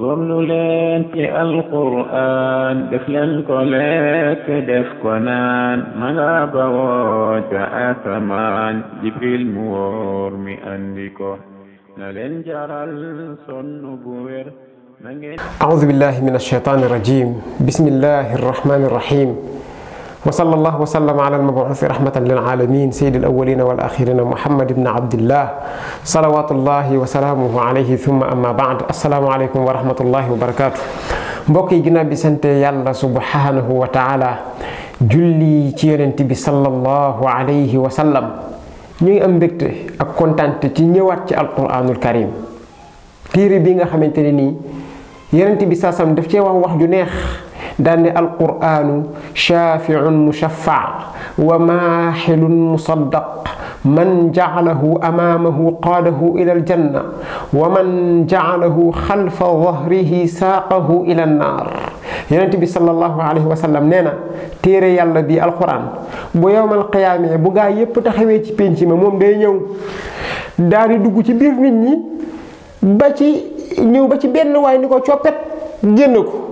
ضمن لك القرآن دفل القلاك دفقنان قنان مغاب أثمان ثمان جبريل موار مئنكو نلن جرال الصن بوير أعوذ بالله من الشيطان الرجيم بسم الله الرحمن الرحيم وصلى الله وسلم على المبعوث رحمة للعالمين سيد الأولين والآخرين محمد بن عبد الله صلوات الله وسلامه عليه ثم أما بعد mbokk yi ginnaaw bi sant yàlla subhanahu wa taala julli ci yonent bi sallallahu alayhi wa sallam ñu ngi am mbégte ak kontaante ci ñëwaat ci alquranul karim téere bi nga xamante ne nii yonent bi saasam daf cee wax wax ju neex daan ne alqur'aanu shaafiun mushaffaa wa maaxilun musaddaq man jacalahu amaamahu qaadahu ila aljanna wa man jacalahu xalfa dahrihi saaqahu ila annaar yonent bi sallallahu alayhi wa sallam nee na téere yàlla bi alquraan bu yowmal qiyaamee bu yépp taxawee ci pénc ma moom day ñëw daal dugg ci biir nit ñi ba ci ñëw ba ci benn waay ni ko coppet génn ko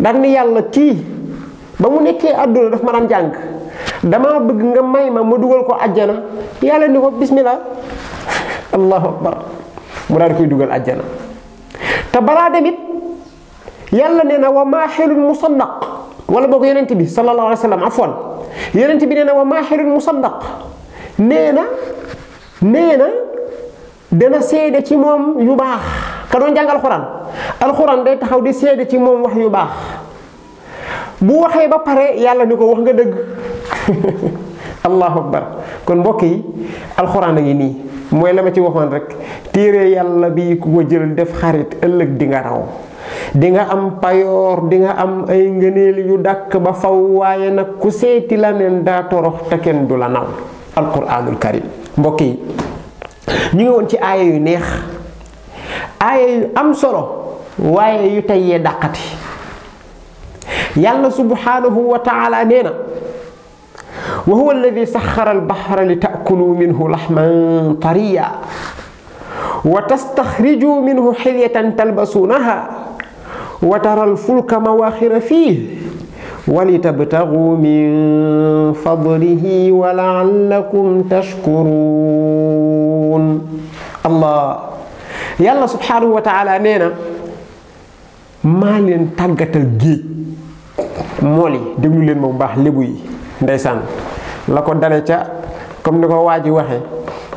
daan ni yàlla kii ba mu nekkee àdduna daf ma daan jàng dama bëgg nga may ma ma dugal ko àjjana yàlla ni ko bismillah allahu akbar mu daal di koy dugal àjjana te balaa demit yàlla nee na wa maa xelul musaddaq wala boog yonent bi sallallahu alayhi wa sallam afwan yonent bi nee na wa maa xelul musaddaq nee na nee na dana seede ci moom yu baax ka doon jàng alxuraan alxuraan day taxaw di seede ci moom wax yu baax bu waxe ba pare yalla niko wax nga deug allahu akbar kon mbokk yi alxuraan a ngi nii mooy la ci waxon rek yalla bi ku ko jël def xarit ëllëg di nga raw di nga am payor di nga am ay ngëneel yu dak ba faw waye nak ku seeti la neen torox taken du la naw alquranul karim mbokk yi ñu ngi won ci aya yu neex aya yu am solo waye yu tayé dakati يالله سبحانه وتعالى نينا وهو الذي سخر البحر لتأكلوا منه لحما طريا وتستخرجوا منه حلية تلبسونها وترى الفلك مواخر فيه ولتبتغوا من فضله ولعلكم تشكرون الله يالله سبحانه وتعالى نينا مالين تقتل جيك Moli, deglu len leen bax bu baax lébu yi ndeysaan la ko ca comme niko waji waxé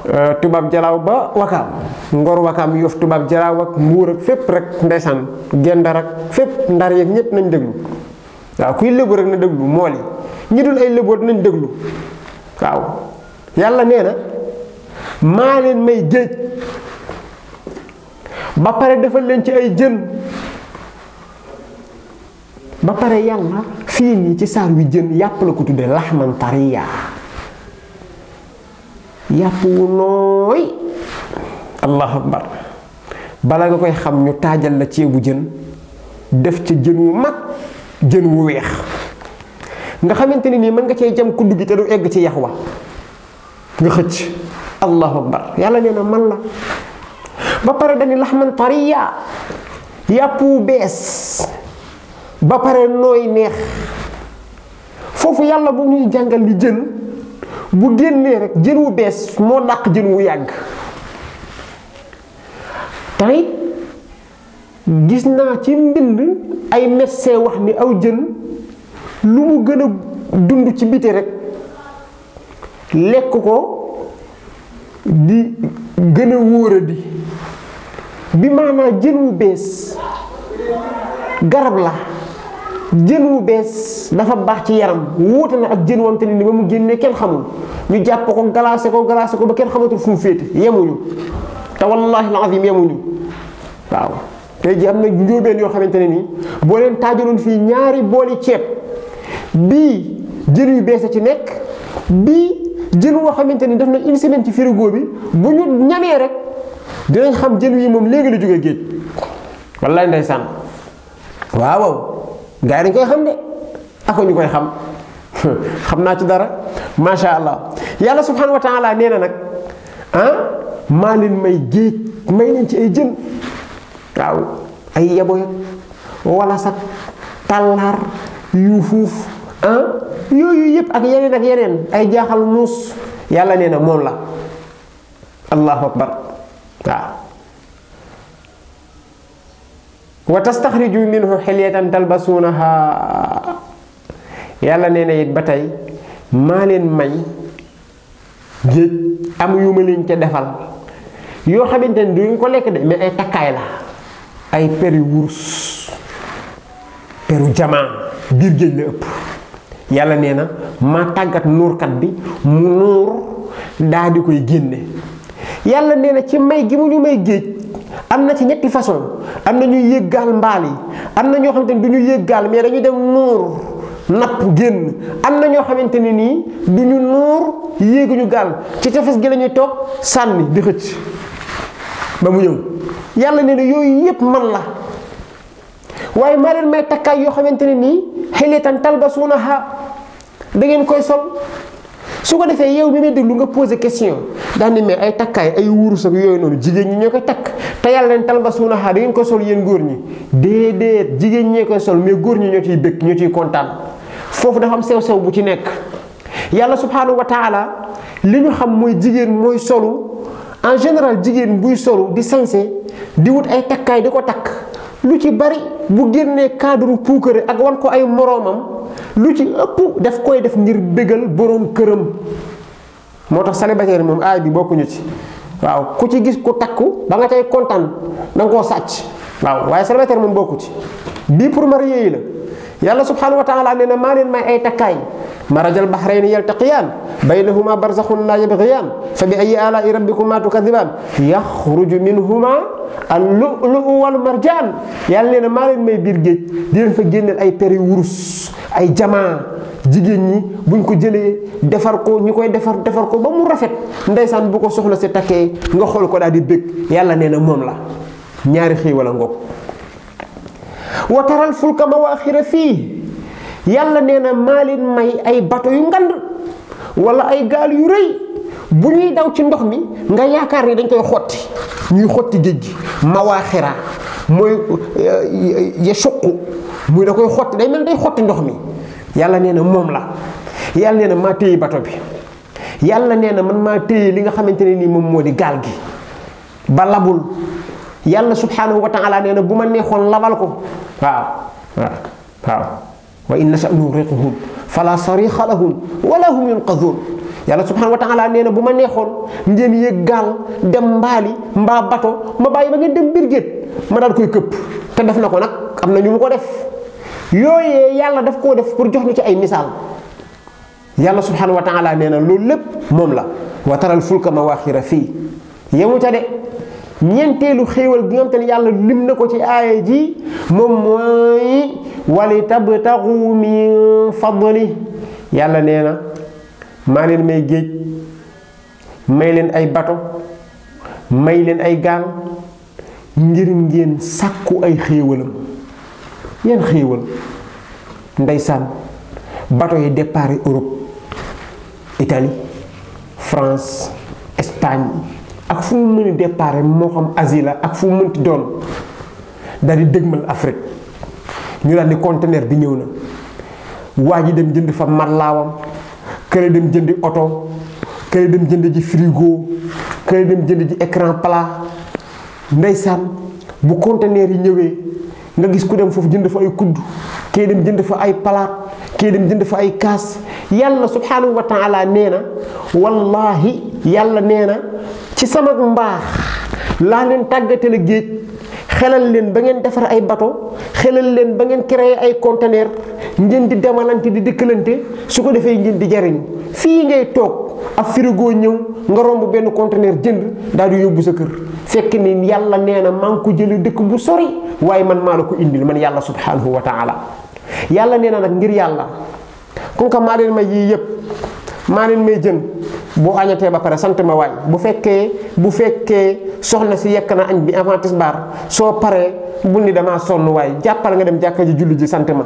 euh tubab jalaw ba wakam ngor wakam yof tubab jalaw ak mbuur ak fep rek ndaysan genda rek fep ndar yek ñet nañ deglu wa kuy lebu rek na deglu moli ñi dul ay lebu nañ deglu waaw yalla neena may geej ba pare defal len ci ay jeun ba pare yàlla fii nii ci saar wi jën yàpp la ko tuddee laxman tariya yàpp wu nooy allahu akbar balaa nga koy xam ñu taajal la ceebu jën def ca jën wu mag jën wu weex nga xamante ni nii mën nga cee jam kudd gi te du egg ci yax wa nga xëcc allahu akbar yàlla nee na man la ba pare dañu laxman tariya yàpp wu bees ba pare nooy neex foofu yàlla bu ñuy jàngal ni jën bu génnee rek jën wu bees moo dàq jën wu yàgg tamit gis naa ci mbind ay médecin wax ni aw jën lu mu gën a dund ci biti rek lekk ko di gën a wóoradi bi maanaa jën wu bees garab la jën wu bees dafa baax ci yaram wuute na ak jën wante te ni ba mu génnee kenn xamul ñu jàpp ko galaase ko galaase ko ba kenn xamatul fu mu féete yemuñu te wallahi alazim yemuñu waaw te ji am na njóobeen yoo xamante ne nii boo leen taajaloon fii ñaari booli ceeb bii jën yu bees a ci nekk bii jën woo xamante ni daf na une semaine ci frigo bi bu ñu ñamee rek dinañ xam jën yi moom léegi la jóge géej wallahi ndeysaan waaw gars yi dañ koy xam de ak ñu koy xam xam naa ci dara macha allah yàlla subhanahu wa taala nee nag ah maa may géej may leen ci ay jën waaw ay yabo wala sax tàllaar yu fuuf ah yooyu yëpp ak yeneen ak yeneen ay jaaxal nuus yàlla nee na moom la allahu akbar waaw tas wa tastaxriju minhu xilyatan talbasuunaha yàlla nee na it ba tey maa leen may géej am yu ma leen ca defal yoo xamante ni duñ ko lekk de mais ay takkaay la ay peri wurus peru jamaa biir géej la ëpp yàlla nee na maa tàggat nuurkat bi mu nuur daa di koy génne yàlla nee na ci may gi mu ñu may géej am na ci ñetti façon am na ñuy yéeg gaal mbaal yi am na ñoo xamante ni du ñu yéeg gaal mais dañuy dem nuur napp génn am na ñoo xamante ne nii du ñu nuur ñu gaal ci tefes gi lañuy toog sànni di xëcc ba mu ñëw yàlla ne ne yooyu yépp man la waaye maa leen may takkaay yoo xamante ne nii xilitan na da ngeen koy sol su ko defee yow mi may déglu nga posé question daan mais ay takkaay ay wurus ak yooyu noonu jigéen ñi ñoo koy takk te yàlla leen talbasuuna xaar da ngeen ko sol yéen góor ñi déedéet jigéen ñee koy sol mais góor ñi ñoo ciy bëgg ñoo ciy kontaan foofu dafa am sew-sew bu ci nekk yàlla subhaanahu wa taala li ñu xam mooy jigéen mooy solu en général jigéen buy solu di sañse di wut ay takkaay di ko takk lu ci bari bu génnee cadre puukare ak wan ko ay moroomam lu ci ëpp daf koy def ngir bégal boroom këram moo tax célibataire yi moom aay bi bokkuñu ci waaw ku ci gis ku takku ba nga cay kontaan da koo sàcc waaw waaye célibataire moom bokku ci bii pour marié yi la. yalla ya subhanahu wa taala nena na maa may ay takay marajal bahrayni yaltaqiyan baynahuma barzakhun la yabghiyan ya fa bi ayyi alaai rabbikuma tukadhiban yakhruju minhumā al lu'lu'u wal marjan. yalla nena na maa may bir geej di fa gennel ay peri wurus ay jama, jigen ni buñ ko jëlee defar ko ñukoy koy defar defar ko ba mu rafet ndaysan bu ko soxla ci takay nga xol ko daal di bëgg yalla nena na la ñaari xéewal ngok wa taral fulka mawaaxira fii yàlla nee na maa leen may ay bato yu ngand wala ay gaal yu rëy bu ñuy daw ci ndox mi nga yaakaar ni dañ koy xotti ñuy xotti géej gi mawaaxira mooy euh, ya suqu muy da koy xotti dañ mel day xotti ndox mi yàlla nee na moom la yàlla nee na maa téye bato bi yàlla nee na man maa téye li nga xamante ne nii moom moo di gaal gi ba labul yàlla subhanahu wa taala nee na bu ma neexoon labal ko waaw waaw waaw wa in nasha nugriqhum fala sarixa lahum wala hum yunqadhun yàlla subhanahu wa taala nee na bu ma neexoon ngeen yëg gaal dem mbaali mbaa bato ma bàyyi ba ngeen dem biir géej ma daal koy këpp te def na ko nag am na ñu mu ko def yooyee yàlla daf koo def pour jox ñu ci ay misaal yàlla subhanahu wa taala nee na loolu lépp moom la wa taral fulka mawaxira fii yemu ca de ñeenteelu xéewal gi nga xam ne yàlla lim na ko ci aaya ji moom mooy wali tabtaxu min fadli yàlla nee na maa leen may géej may leen ay bato may leen ay gaal ngir ngeen sàkku ay xéewalam yan xéewal ndeysaan bato yi départ Europe Italie France Espagne ak fu mu mën a moo xam Asie la ak fu mu mënti doon daal di dëgmal Afrique ñu daal di conteneur bi ñëw na waa ji dem jënd fa matlaawam kële dem jëndi oto kële dem jënd ji frigo kële dem jënd ji écran plat bu conteneur yi ñëwee nga gis ku dem foofu jënd fa ay kudd kii dem jënd fa ay palaat kii dem jënd fa ay kaas yàlla subhanahu wa taala nee na wallaahi yàlla nee na ci sama mbaax laa leen la géej xelal leen ba ngeen defar ay bato xelal leen ba ngeen créer ay conteneur ngeen di demalante di dëkkalante su ko defee ngeen di jariñ fii ngay toog ab frigo ñëw nga romb benn conteneur jënd daal di yóbbu sa kër fekk ni yàlla nee na maa ngi ko jële dëkk bu sori waaye man maa la ko indi indil man yàlla subhanahu wa taala yàlla nee na nag ngir yàlla kon maa leen may yii yëpp maa leen may jën boo añatee ba pare sant ma waay bu fekkee bu fekkee soxna si yekk na añ bi avant tisbaar soo paree bul ni damaa sonn waay jàppal nga dem jàkka ji julli ji sant ma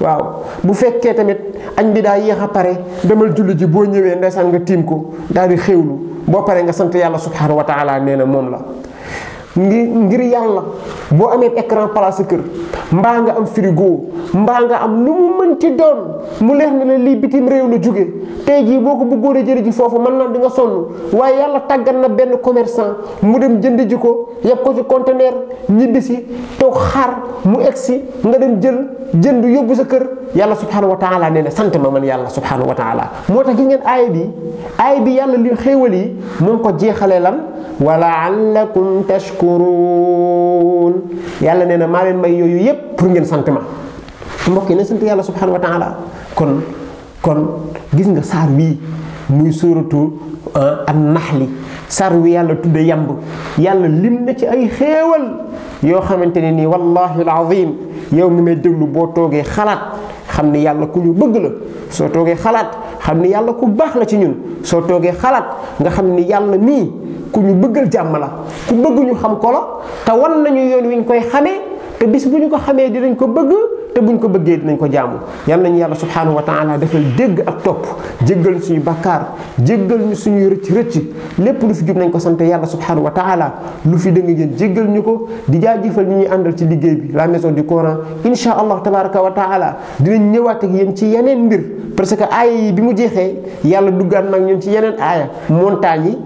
waaw bu fekkee tamit añ bi daa yéex a pare demal julli ji boo ñëwee ndeysaan nga tiim ko daal di xéewlu boo paree nga sant yàlla subhaanahu wa taala nee na moom la ngi ngir yàlla boo amee écran place kër mbaa nga am frigo mbaa nga am lu mu mënti doon mu leer na la lii bitim réew la jóge tey jii boo ko bëggoon a ji foofu man naa di nga sonn waaye yàlla tàggat na benn commerçant mu dem jënd ji ko yeb ko ci conteneur si toog xaar mu si nga dem jël jënd yóbbu sa kër yàlla subhanahu wa taala nee sant ma man yàlla subhanahu wa taala moo tax gis ngeen aaya bi aaya bi yàlla li xéewal yi mu ko jeexalee lan wala allakum tashkurun yàlla nee na maa leen may yooyu yépp pour ngeen sant ma mbokk yi sant yàlla subhanahu wa taala kon kon gis nga saar wii muy sóoratu euh, an naxli saar wi yàlla tudde yamb yàlla lim na ci ay xeewal yoo xamante ne nii wallahi alazim yow mi may déglu boo toogee xalaat xam ni yàlla ku ñu bëgg soo toogee xalaat xam ni yàlla ku baax la ci ñun soo toogee xalaat nga xam ni yàlla mii ku ñu bëggal jàmm la ku bëgg xam ko la te wan nañu yoon wi ñu koy xamee te bis bu ñu ko xamee dinañ ko bëgg te buñ ko bëggee dinañ ko jaamu yal nañu yàlla subhanahu wa taala defal dégg ak topp jéggal ñu suñu bakkaar jéggal ñu suñuy rëcc rëcc lépp lu fi jub nañ ko sant yàlla subhanahu wa taala lu fi dëng jën jéggal ñu ko di jaajëfal ñu ñuy àndal ci liggéey bi la maison di Coran insha allah tabaraka wa taala dinañ ñëwaat ak yéen ci yeneen mbir parce que aaya yi bi mu jeexee yàlla duggaat nag ñun ci yeneen aaya montagne yi